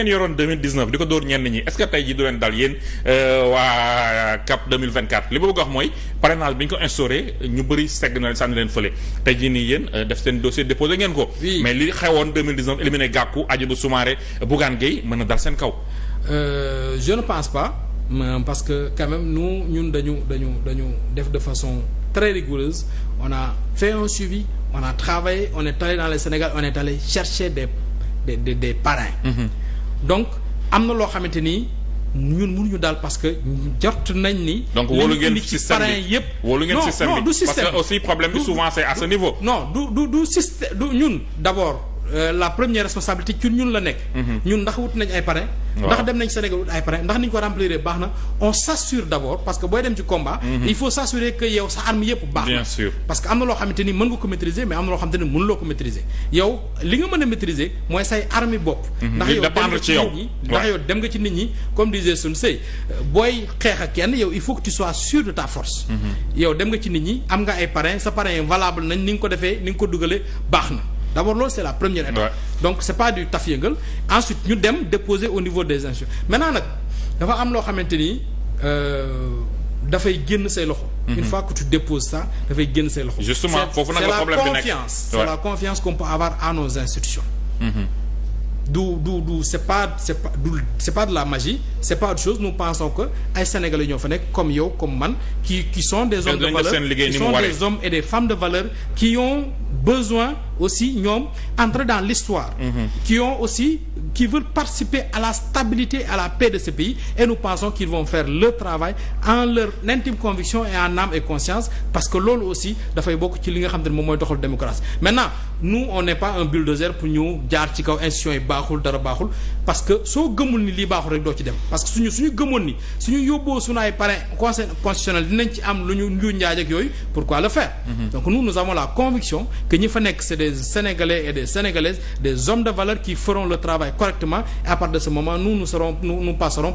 ngeen yoroon 2019 di ko dóor ñenn ñi est-ce que tey ji du leen dal yéen euh, waa CAP 2024 li ma bëgg a wax mooy parrainage bi ñu ko instauré ñu bëri segg na sànni leen fële tey jii nii yéen euh, def seen dossier déposé ngeen ko mais li xewoon 2019 éliminé Gakou Hadjibou Soumaré Bougane Gueye mën na dal seen kaw euh, je ne pense pas parce que quand même ñun dañu dañu dañu def de façon très rigoureuse on a fait un suivi on a travaillé on est dans le Sénégal on est chercher des des donc am na loo xamante ni ñun mënuñu daal parce que jot nañ ni. donc wóolu ngeen système bi parrain yëpp. wóolu ngeen système bi non non du système parce que aussi problème bi souvent c'est à ce niveau. non du du du système du ñun d'abord. Euh, la première responsabilité ci ñun la nekk. Mhm. ñun ndax wut nañ ay parrain. ndax dem nañ Sénégal wut ay parrain ndax ni ñu ko remplir baax na on s'assure d'abord parce que booy dem ci combat. Mhm. il faut s'assurer que yow sa arme yëpp baax na. bien sûr parce que am na loo am a maîtriser mhm. dem nga ci nit ñi ndax yow dem nga ci nit ñi comme disait Sun Sey booy xeex kenn yow il faut que tu sois sûr de ta force. yow dem nga ci nit ñi am nga ay parrain sa parrain valable nañ ni nga ko defee ni nga ko dugalee baax na d' abord loolu c' la première étape. donc c' est pas du taf ensuite ñu dem déposer au niveau des institutions maintenant nag dafa am loo xamante ni euh, dafay génn say loxo. Mhm. une fois que tu déposes ça dafay génn say loxo. justement foofu nag la problème bi confiance c' est la confiance qu'on avoir à nos institutions. Mhm. du du du c'est pas c'est pas du de la magie c'est pas autre chose nous pensons que ay sénégalais ñoo fa nekk comme yow comme man qui qui sont des hommes de valeur qui sont des hommes et des femmes de valeur qui ont besoin aussi ñoom entrer dans l'histoire mm-hmm. qui ont aussi qui veulent participer à la stabilité, à la paix de ce pays et nous pensons qu'ils vont faire leur travail en leur intime conviction et en âme et conscience parce que loolu aussi dafay bokk ci li nga xam ne moom mooy doxal démocratie maintenant nous on n'est pas un bulldozer pour ñu jaar ci kaw institution yi baaxul dara baaxul parce que soo gëmul ni lii baaxul rek doo ci dem parce que suñu suñu gëmoon ni suñu yóbboo suñu ay parrain conseil constitutionnel dinañ ci am lu ñu correctement et à partir de ce moment nous nous serons nous nous passerons